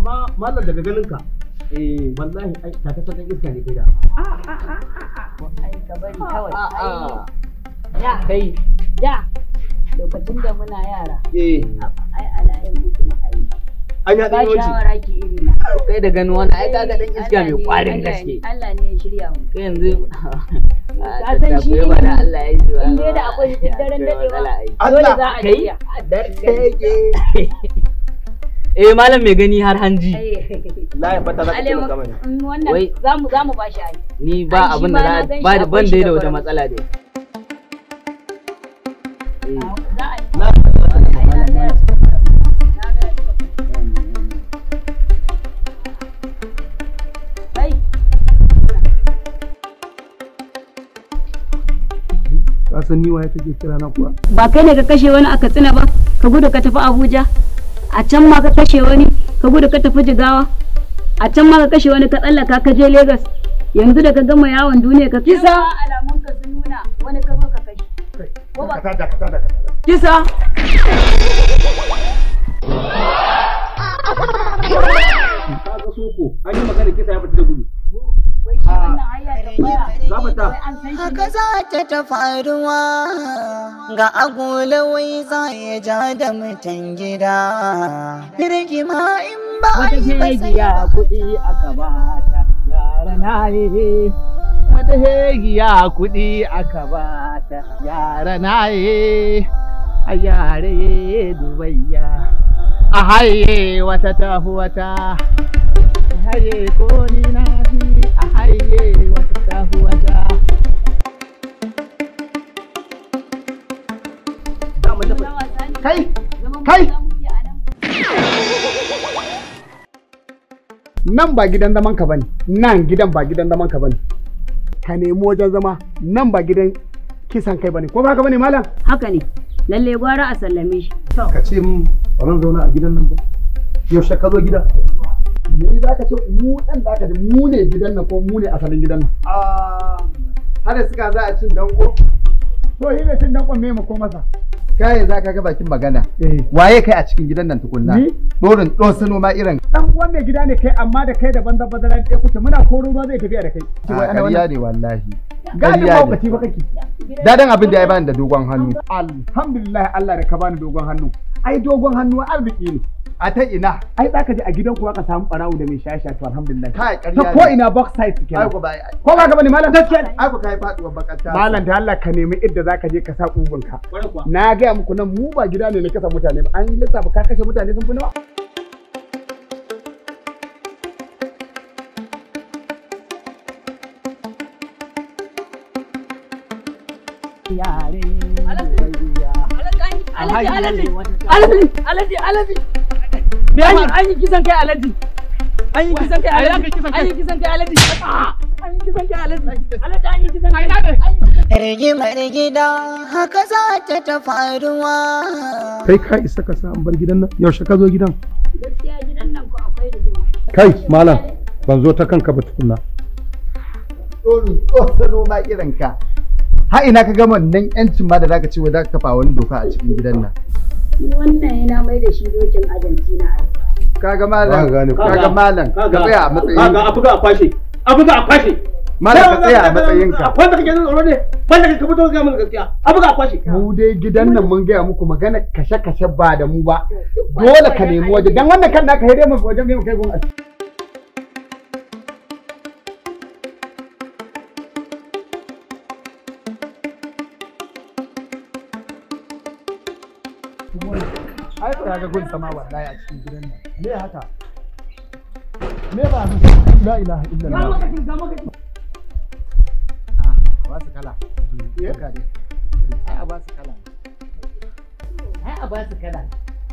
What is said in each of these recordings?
amma mallam daga ganin ka eh wallahi ai ta sakan iska ne kai da a a a ai ka bari kawai ya kai ya lokacin da muna yara eh ai ala kuma ai an ya dai wuce ki iri na kai da ganin wani ai kaga dan iska mai kwarin gaske Allah ne ya shirya mu kai yanzu ka san shi ne Allah ya ji in da akwai daren dadewa Allah za a yi da eh malam mai gani har hanji layin fata za ka ce ba maka mana mm, wannan zamu zamu ba shi ai ni ba abin da ba da ban dai da wata matsala dai Ka san ni waye take kira na kuwa? Ba kai ne ka kashe wani aka tsina ba, ka gudu ka tafi Abuja. a can ma ka kashe wani ka gudu ka tafi jigawa a can ma ka kashe wani ka tsallaka ka je Legas yanzu da ka gama yawon duniya ka kisa alamun ka sun nuna wani ka ka kashe kisa ka ga soko an yi magana kisa ya fita da gudu Haka za ta ta faruwa ga wai za ya ja da mutan gida. Rigima in ba a yi ba sai kuɗi a gaba ta yara na yi. Wata hegiya a gaba ta yara na yi. A yare dubayya. A haye wata tafi wata. Haye ko ni na fi. kai kai nan ba gidan zaman ka bane nan gidan ba gidan zaman ka bane ka nemi wajen zama nan ba gidan kisan kai bane ko ba ka bane malam haka ne lalle gwara a sallame shi ka ce mun ba zauna a gidan nan ba yaushe ka zo gida ni za ka ce mu ɗan za ka ce mu ne gidan nan ko mu ne asalin gidan nan. Ah, Hada suka za a cin danko? To yi ne cin danko mai mako ko masa. Kaye za ka ga bakin magana. Eh. Waye kai a cikin gidan nan tukunna? Ni? Dorin ɗosano ma irin. Ɗan uwan mai gida ne kai amma da kai da banza zara ɗaya kuce muna koron ruwa zai tafiya da kai. A ƙarya ne wallahi. Gadi mawukaci ba kake. Dadan abin da ya bani da dogon hannu. Alhamdulillah Allah da ka bani dogon hannu. ai dogon hannu arziki ne a ta ina ai za ka je a gidan kuwa ka samu barawo da mai shaye-shaye to alhamdulillah kai ƙarya ko ina box site kenan ko ba ko ba ka bani malam gaskiya ai ko kai faduwar bakata malam da Allah ka nemi idda zaka je ka sa kugun ka na ga muku nan mu ba gida ne na kasa mutane ba an lissafa ka kashe mutane sun fi nawa yare alaji alaji alaji an yi kai kai ka isa ka san bar gidan nan yaushe ka zo gidan kai malam ban zo ta kanka ba tukunna ma irin Ha ina ka gama nan yancin ma da zaka ce wa zaka kafa wani doka a cikin gidan nan wannan yana mai da shi dokin ajanci na kaga malam kaga malam ka tsaya a matsayin kaga abu a kwashe abu a kwashe malam ka tsaya a matsayin ka wanda kake jin tsoro ne wanda kake fito ga mun gaskiya abu a kwashe mu dai gidan nan mun gaya muku magana kashe kashe ba da mu ba dole ka nemi waje dan wannan kan naka hede mu wajen mai kai gun asiri ai ba ga gun sama wallahi a cikin gidan nan me haka me ba su la ilaha ga ga ah ba su kala eh ka dai ai ba su kala ai ba su kala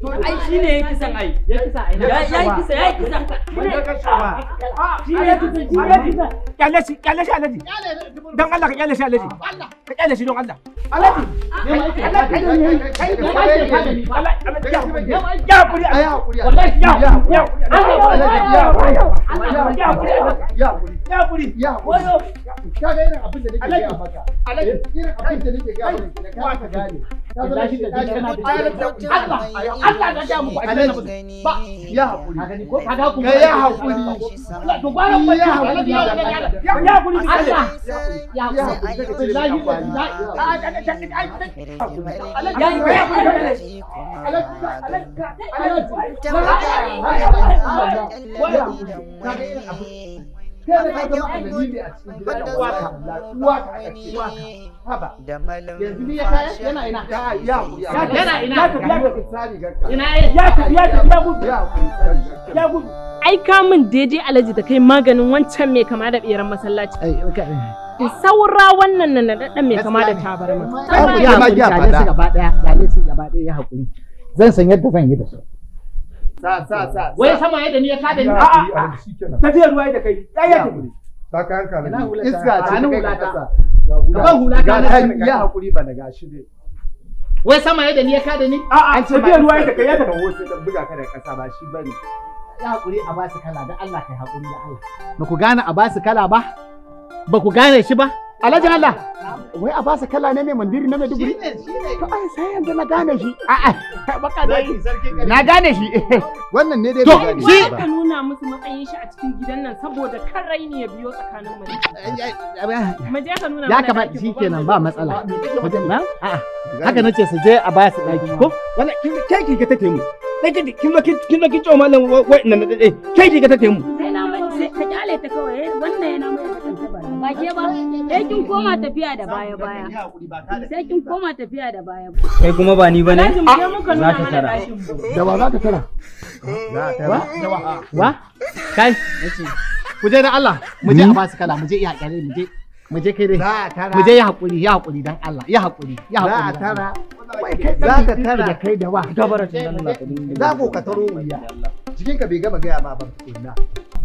To ai shi ne ya kisan ai. Ya kisa ai. Ya ya kisa ya kisa. Wanda ka shawa. Ah, shi ne ya kisan shi ne kisan. Kyale shi kyale shi alaji. Don Allah ka kyale shi alaji. Ka kyale shi don Allah. Alaji. Ya hakuri. Ya hakuri. Wallahi ya hakuri. Ya hakuri. Ya hakuri. Ya hakuri. ya kuri ya wayo ka ga irin abin da nake gaya maka irin abin da nake gaya maka ka gane Allah sai ka da ya yana ina ya ya ya ya ya gudu ya min daidai alaji ta kai maganin wancan mai kama da beran masallaci saura wannan nan naɗaɗɗen mai kama da tabarma. Ya ma ya Ya ne su gaba ɗaya ya haƙuri. Zan san yadda zan yi da su. sa sa sa wai sama yadda ni ya kada ni a a tafiya ruwa da kai ai ya tafi ta kayan ka na iska ce na hulata ga ban hulata na ya hakuri ba daga shi dai wai sama yadda ni ya kada ni a a tafiya ruwa da kai ya tafi wasu da buga ka da kasa ba shi bane ya hakuri a basu kala da Allah kai hakuri ya Allah ba ku gane a basu kala ba ba ku gane shi ba alhaji Allah wai a basa kala ne mai mandiri na mai duburi to ai sai yanzu na gane shi a a baka dai na gane shi wannan ne dai da gane shi ka nuna musu matsayin shi a cikin gidan nan saboda kan raini ya biyo tsakanin mu mu je ka nuna ya kamata shi kenan ba matsala wajen nan a haka nace su je a basu daki ko wannan kai ki ga take mu nake kin ma kin ma kin tsoma nan wai nan da dai kai ki ga take mu sai na mai ka kyale ta kawai wannan yana mai ba ba sai kin koma tafiya da baya baya sai kin koma tafiya da baya kai kuma ba ni bane za tara da ba za ka tara wa kai ku je da Allah mu je a hmm? kala mu je iya kare mu je mu je kai dai mu je ya hakuri ya hakuri dan Allah ya hakuri ya hakuri za tara za ka tara da kai da wa Allah za ku ka taro bai gaya ma ba tukunna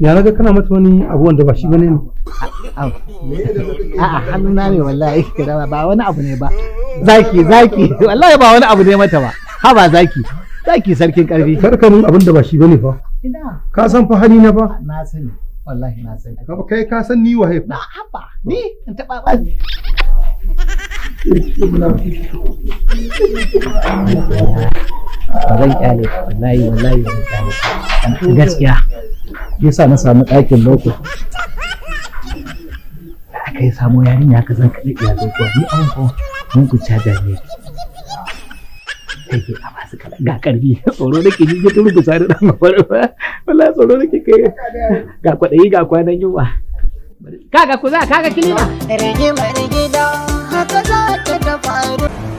ya naga kana mata wani abu wanda ba shi ba ne a'a na ne wallahi ba wani abu ne ba zaki zaki wallahi ba wani abu ne mata ba ha ba zaki zaki sarkin karfi karkarin abin da ba shi ne fa ka san fa hali na ba na sani wallahi na sani ka kai ka san ni waye na haba ni in taba ba ba zan kyale wallahi wallahi gaskiya yasa na samu ɗakin boko aka yi samu yarinya ka zan kaɗa ya zai kuwa ni an kuwa mun ku ca da ne kai a masu kala ga karfi tsoro nake ji ta rubuta da ɗan mafar ba wala tsoro nake kai ga kwaɗayi ga kwanan yunwa kaga ku za kaga kilima rigi da haka za ta faru